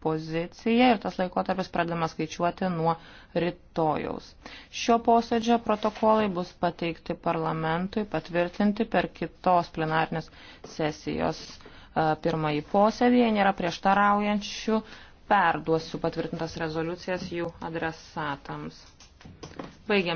poziciją ir tas laikotarpis pradedamas skaičiuoti nuo rytojaus. Šio posėdžio protokolai bus pateikti parlamentui, patvirtinti per kitos plenarnės sesijos e, pirmąjį posėdį, jei nėra prieštaraujančių, perduosiu patvirtintas rezoliucijas jų adresatams. Baigiam.